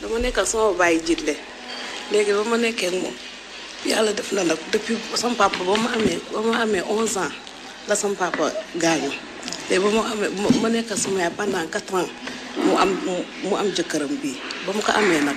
dama nekkal sama bàyyi jiit le léegi ba ma nekkee moom yàlla def na nag depuis sama papa ba ma amee ba ma amee 11 ans la sama papa gaañu léegi ba ma amee ma nekkal sama yaay pendant 4 ans mu am mu am jëkkëram bii ba mu ko amee nag.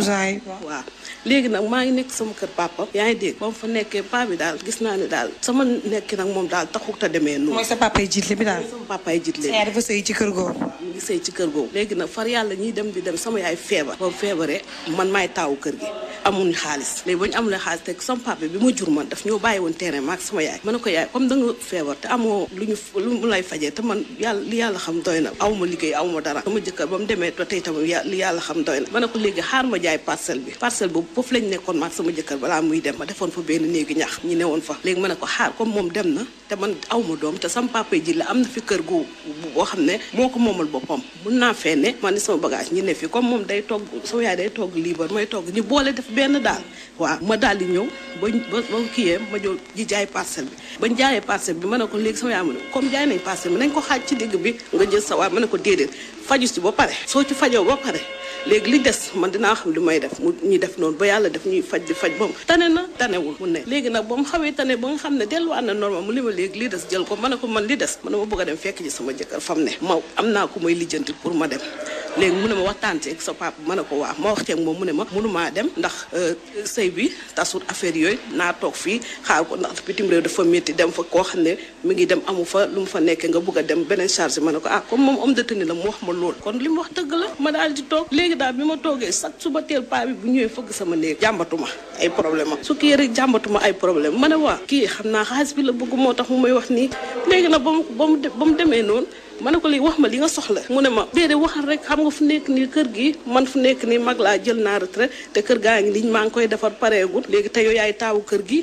Douzaay waaw léegi nag maa ngi nekk sama kër papa yaa ngi dégg ba mu fa nekkee pa bi daal gis naa ne daal sama nekk nag moom daal taxul te demee noonu sa papa yi bi daal sama papa yi jiitle bi dafa sëy ci kër googu léegi nag far yàlla ñuy dem di dem sama yaay feebar boobu man maay taawu kër gi amuñ xaalis léegi ba ñu amulee xaalis teg sama papa bi ma jur man daf ñoo bàyyi woon terrain maag sama yaay ma ko yaay comme da lu ñu lu lay te man yàlla yàlla xam doy na awma liggéey awma dara sama jëkkër ba mu demee ba tey tamit li yàlla ko léegi xaar ma jaay jaay parcelle bi parcelle boobu foofu lañ nekkoon maag sama jëkkër balaa muy dem ma defoon fa benn néegi ñax ñu newoon fa léegi ma ne ko xaar comme moom dem na te man aw ma doom te sama papa ji am na fi kër gu boo xam ne moo ko moomal boppam mun naa feene man ni sama bagage ñi ne fi comme moom day togg sama yaay day togg liibar may togg ñu boole def benn daal waaw ma daal di ñëw ba ba kiyee ma jo ji jaay parcelle bi bañ jaayee parcelle bi ma ne ko léegi sama yaay mu ne comme ko xaaj ci digg bi nga jël sa waay ma ko déedéet faju si ba pare soo ci fajoo ba pare léegi li des man dinaa xam li may def mu ñuy def noonu ba yàlla def ñuy faj di faj ba mu tane na tanewul mu ne léegi nag ba mu xawee tane ba nga xam ne delluwaat na normal mu li ma léegi li des jël ko ma ne ko man li des man ma bëgg a dem fekk ji sama jëkkër fam ne maw am naa ko may lijjanti pour ma dem léegi mu ne ma waxtaan ci ak sa papa ma ne ko waa ma wax ci moom mu ne ma mënumaa dem ndax euh, sëy bi tasul affaire yooyu naa toog fii xaar ko ndax bitim réew dafa métti dem fa koo xam ne mi ngi dem amu fa lu mu fa nekkee nga bugg a dem beneen charge ma ne ko ah comme moom homme de la mu wax ma lool kon li mu wax dëgg la ma daal toog léegi daal bi ma toogee sax suba teel paa bu ñëwee fëgg sama néeg jàmbatuma ay problème su kii jàmbatuma ay problème ma ne waa kii xam naa xaalis bi la bëgg moo tax mu may wax nii léegi nag ba mu ba mu demee noonu ma ne ko lii wax ma li nga soxla mu ne ma béede waxal rek xam nga fu nekk nii kër gi man fu nekk nii mag laa jël naa retraite te kër gaa ngi liñ maa ngi koy defar pareegul léegi te yooyu yaay taawu kër gi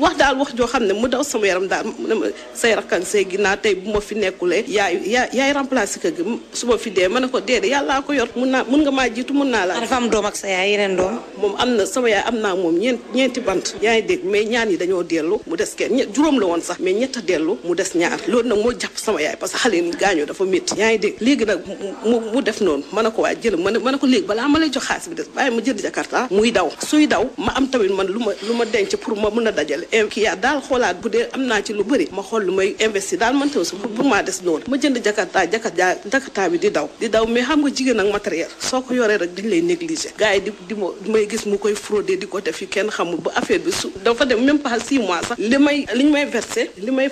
wax daal wax joo xam ne mu daw sama yaram daal mu ne ma say rakkan say tey bu ma fi nekkulee yaay yaay yaay remplacé kër gi su ma fi dee ma ne ko déedéet yàllaa ko yor mun naa mun nga maa jiitu mun naa laa dafa am doom ak sa yaay yeneen doom moom am na sama yaay am naa moom ñeent ñeenti bant yaa ngi dégg mais ñaan yi dañoo dellu mu des kenn juróom la woon sax mais ñett dellu mu des ñaar loolu nag moo jàpp sama yaay parce que xale gaañoo dafa métti yaa ngi léegi nag mu mu def noonu mën a ko waa jël mën mën a ko léegi balaa ma lay jox xaalis bi des bàyyi ma jënd jakarta ah, muy daw suy ma am ma lu ma ma mun a dajale eh, kii yaa daal xoolaat bu dee am naa ci lu bëri ma xool lu may investi daal man tamit pour maa des noonu ma jënd jakarta jakarta jakarta bi di daw di daw mais xam nga jigéen ak matériel soo ko yoree rek dañ lay négligé gars yi di ma may gis mu koy fraudé di ko def fi kenn xamul ba affaire bi su dafa dem même pas six mois sax li may li ñu may versé li may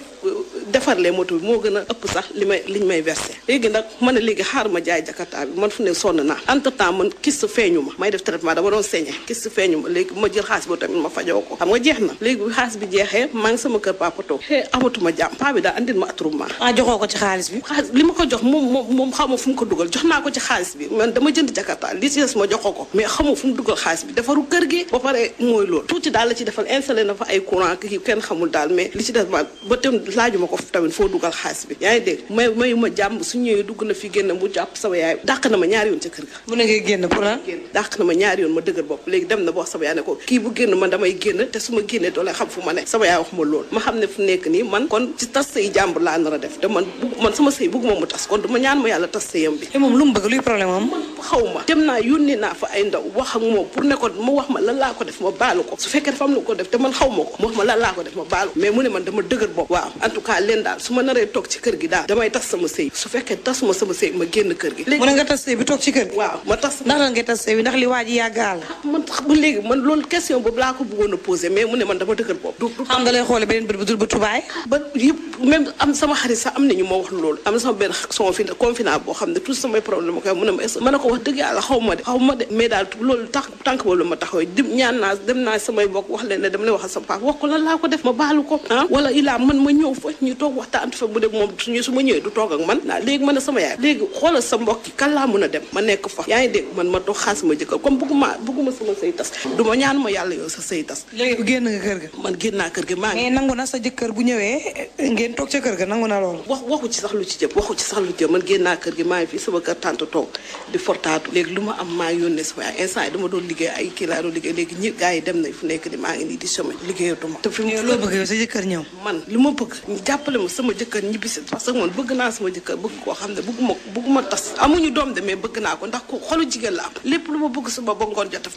defarlee moto bi moo gën a ëpp sax li may liñ may versé léegi nag ma ne léegi xaar ma jaay jakarta bi man fu ne sonn naa entre temps man kist feeñu ma may def traitement dama doon saigné kist feeñu ma léegi ma jël xaalis boo tamit ma fajoo ko xam nga jeex na léegi bi bi jeexee maa sama kër papa toog xee amatuma jàmm paa daa andil ma attroupement ah ko ci xaalis bi xaalis ma ko jox moom moom moom xawma fu mu ko dugal jox naa ko ci xaalis bi man dama jënd jakarta li ci des ma joxoo ko mais xawma fu mu dugal xaalis bi defaru kër gi ba pare mooy loolu tuuti daal la ci defal installé na fa ay courant ki kenn xamul daal mais li ci des ma ba tam laaju ko ko tamit foo dugal xaalis bi yaa ngi dégg may mayu ma su ñëwee dugg na fi génn mu jàpp sama dàq na ma ñaari yoon ca kër ga mu ne ngay génn pour lan dàq na ma ñaari yoon ma dëgër bopp léegi dem na ba wax sama yaay ne ko kii bu génn man damay génn te su ma génnee doolee xam fu ma ne sama yaay wax ma loolu ma xam ne fu nekk nii man kon ci tas sëy jàmbur laa nar a def te man sama sëy bugguma mu tas kon dama ñaan ma yàlla tas sëyam bi moom lu mu bëgg luy problème am xaw ma dem naa yónni naa fa ay ndaw wax ak moom pour ma wax laa ko def ma baalu ko su fekkee dafa am lu ko def te man xaw ma ko ma ma lan laa ko ma baalu mais mu ne man dama dëgër leen daal su ma naree toog ci kër gi daal damay tas sama sëy su fekkee tas ma sëy ma génn kër gi ma a ah, posé mais mu ne man dama dëgër bopp du xam nga lay xoole beneen bët bu dul bu sama xarit wax loolu am na sama benn son fi confinement ko wax dëgg yàlla xaw ma de xaw ma de mais daal loolu tax boobu la ma taxaw wax ko lan laa ko def ma baalu ko ah wala man ma ñëw fa ñu toog waxtaan fa mu ne moom suñu suma ma ñëwee du toog ak man naa léegi man sama yaay léegi xoolal sa mbokk yi kan laa mën a dem ma nekk fa yaa ngi dégg man ma toog xaas ma jëkkal comme bëgguma bëgguma sama sëy tas du ma ñaan ma yàlla yow sa sëy tas léegi génn nga kër ga man génn naa kër ga maa ngi mais nangu na sa jëkkër bu ñëwee ngeen toog ca kër ga nangu na loolu wax waxu ci sax lu ci jëm waxu ci sax lu ci jëm man génn naa kër gi maa ngi fii sama kër tante toog di fortaatu léegi lu ma am maa yónnee sama yaay instant yi dama doon liggéey ay kii laa doon liggéey léegi ñi gars yi dem nañ fu nekk di maa ngi nii di chemin liggéeyatuma te fi mu loo bëgg yow sa jëkkër ñëw man li ma bëgg jàppale ma sama jëkkër ñibbisi parce naa sama jëkkër bëgg koo xam ne bëgguma bëgguma tas am lu ma bëgg suba ba ngoon jot daf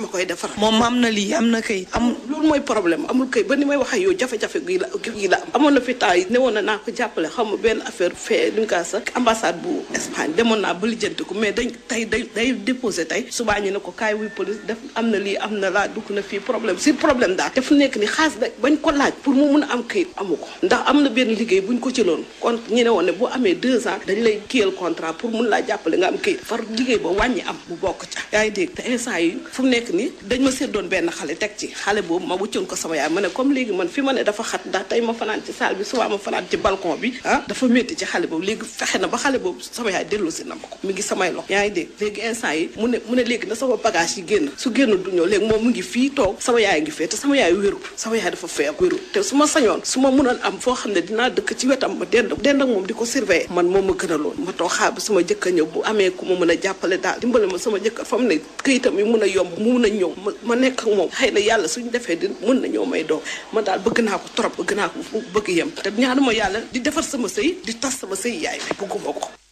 moom am na lii am na kay am loolu mooy problème amul ba ni may wax ak yow jafe-jafe gi la gi la am amoon na fi temps yi ne woon naa ko jàppale xam benn affaire fee duñ kaa sax ambassade bu Espagne demoon ba lijjanti ko mais dañ tey day day am na lii am na laa dugg na fii problème si problème daal daf nekk ni xaas da bañ ko laaj pour mu mun a am kayit amu ko ndax am na benn liggéey buñ ko ci loon kon ñu ne woon ne bu amee deux ans dañ lay kiyal contrat pour mun laa jàppale nga am këyit far liggéey ba wàññi am mu bokk ca yaa ngi dégg te instant yi fu mu nekk ni dañ ma séddoon benn xale boobu dafa xat ah, ci xale boobu léegi fexe na ba xale boobu sama yaay dellu na ma ko mi ngi samay loxo yaa dégg léegi instant yi mu ne mu ne léegi na sama bagage yi génn su génn du léegi moom mu ngi fii toog sama yaay ngi fee te sama yaay dëkk ci wetam ma dend dend ak moom di ko surveiller man moom ma gënaloon ma toog xaar ba sama jëkkër ñëw bu amee ku ma mën a jàppale daal dimbale ma sama jëkkër fa mu ne këyitam yi mun a yomb mu mun a ñëw ma ma nekk ak moom xëy na yàlla suñu defee di mën nañoo may doom ma daal bëgg naa ko trop bëgg naa ko bëgg yem te ñaanuma yàlla di defar sama sëy di tas sama sëy yaay bi bëgguma ko